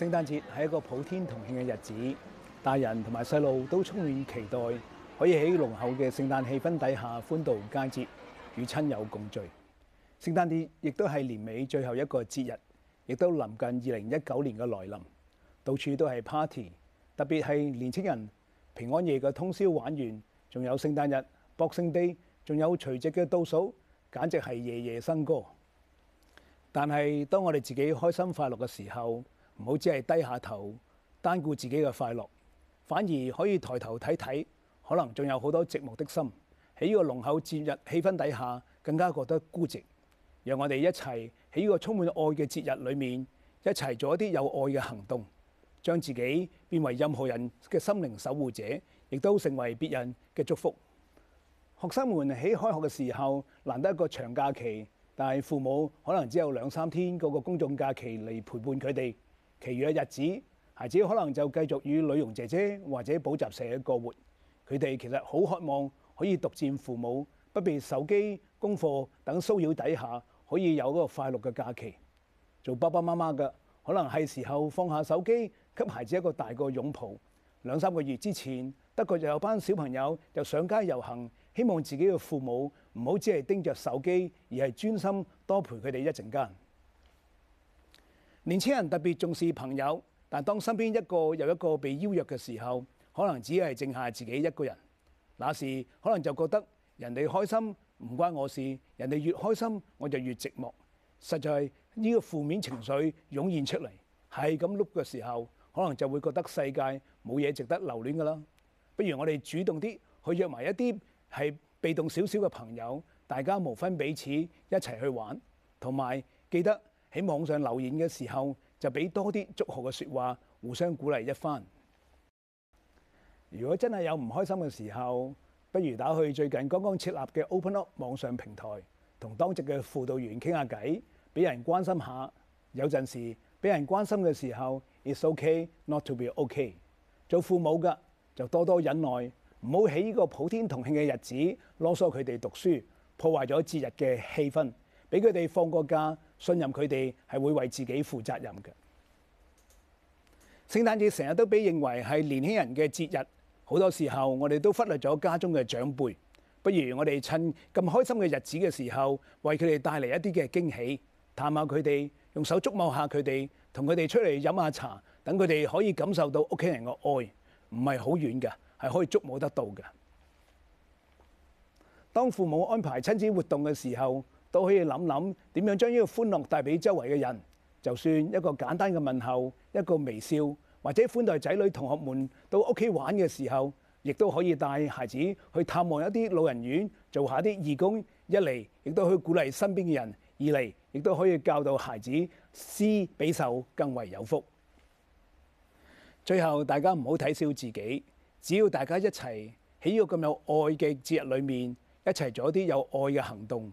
聖誕節係一個普天同慶嘅日子，大人同埋細路都充滿期待，可以喺濃厚嘅聖誕氣氛底下歡度佳節，與親友共聚。聖誕節亦都係年尾最後一個節日，亦都臨近二零一九年嘅來臨，到處都係 party，特別係年青人平安夜嘅通宵玩完，仲有聖誕日 Boxing Day，仲有除夕嘅倒數，簡直係夜夜笙歌。但係當我哋自己開心快樂嘅時候，唔好只係低下頭，單顧自己嘅快樂，反而可以抬頭睇睇，可能仲有好多寂寞的心喺呢個濃厚節日氣氛底下，更加覺得孤寂。讓我哋一齊喺呢個充滿愛嘅節日裏面，一齊做一啲有愛嘅行動，將自己變為任何人嘅心靈守護者，亦都成為別人嘅祝福。學生們喺開學嘅時候難得一個長假期，但係父母可能只有兩三天嗰個公眾假期嚟陪伴佢哋。其餘嘅日子，孩子可能就繼續與女傭姐姐或者補習社嘅過活。佢哋其實好渴望可以獨佔父母，不被手機、功課等騷擾底下，可以有個快樂嘅假期。做爸爸媽媽嘅，可能係時候放下手機，給孩子一個大個擁抱。兩三個月之前，德國就有班小朋友就上街遊行，希望自己嘅父母唔好只係盯着手機，而係專心多陪佢哋一陣間。年青人特別重視朋友，但當身邊一個又一個被邀約嘅時候，可能只係剩下自己一個人。那時可能就覺得人哋開心唔關我事，人哋越開心我就越寂寞。實在呢個負面情緒湧現出嚟，係咁碌嘅時候，可能就會覺得世界冇嘢值得留戀㗎啦。不如我哋主動啲去約埋一啲係被動少少嘅朋友，大家無分彼此一齊去玩，同埋記得。喺網上留言嘅時候，就俾多啲祝賀嘅説話，互相鼓勵一番。如果真係有唔開心嘅時候，不如打去最近剛剛設立嘅 Open Up 網上平台，同當值嘅輔導員傾下偈，俾人關心下。有陣時俾人關心嘅時候，It's okay, not to be okay. 做父母嘅就多多忍耐，唔好喺呢個普天同慶嘅日子囉嗦佢哋讀書，破壞咗節日嘅氣氛，俾佢哋放個假。信任佢哋係會為自己負責任嘅。聖誕節成日都被認為係年輕人嘅節日，好多時候我哋都忽略咗家中嘅長輩。不如我哋趁咁開心嘅日子嘅時候，為佢哋帶嚟一啲嘅驚喜，探下佢哋，用手觸摸下佢哋，同佢哋出嚟飲下茶，等佢哋可以感受到屋企人嘅愛，唔係好遠嘅，係可以觸摸得到嘅。當父母安排親子活動嘅時候，都可以諗諗點樣將呢個歡樂帶俾周圍嘅人，就算一個簡單嘅問候、一個微笑，或者款待仔女同學們到屋企玩嘅時候，亦都可以帶孩子去探望一啲老人院，做下啲義工。一嚟亦都去鼓勵身邊嘅人，二嚟亦都可以教導孩子施比受更為有福。最後，大家唔好睇小自己，只要大家一齊喺呢個咁有愛嘅節日裏面，一齊做一啲有愛嘅行動。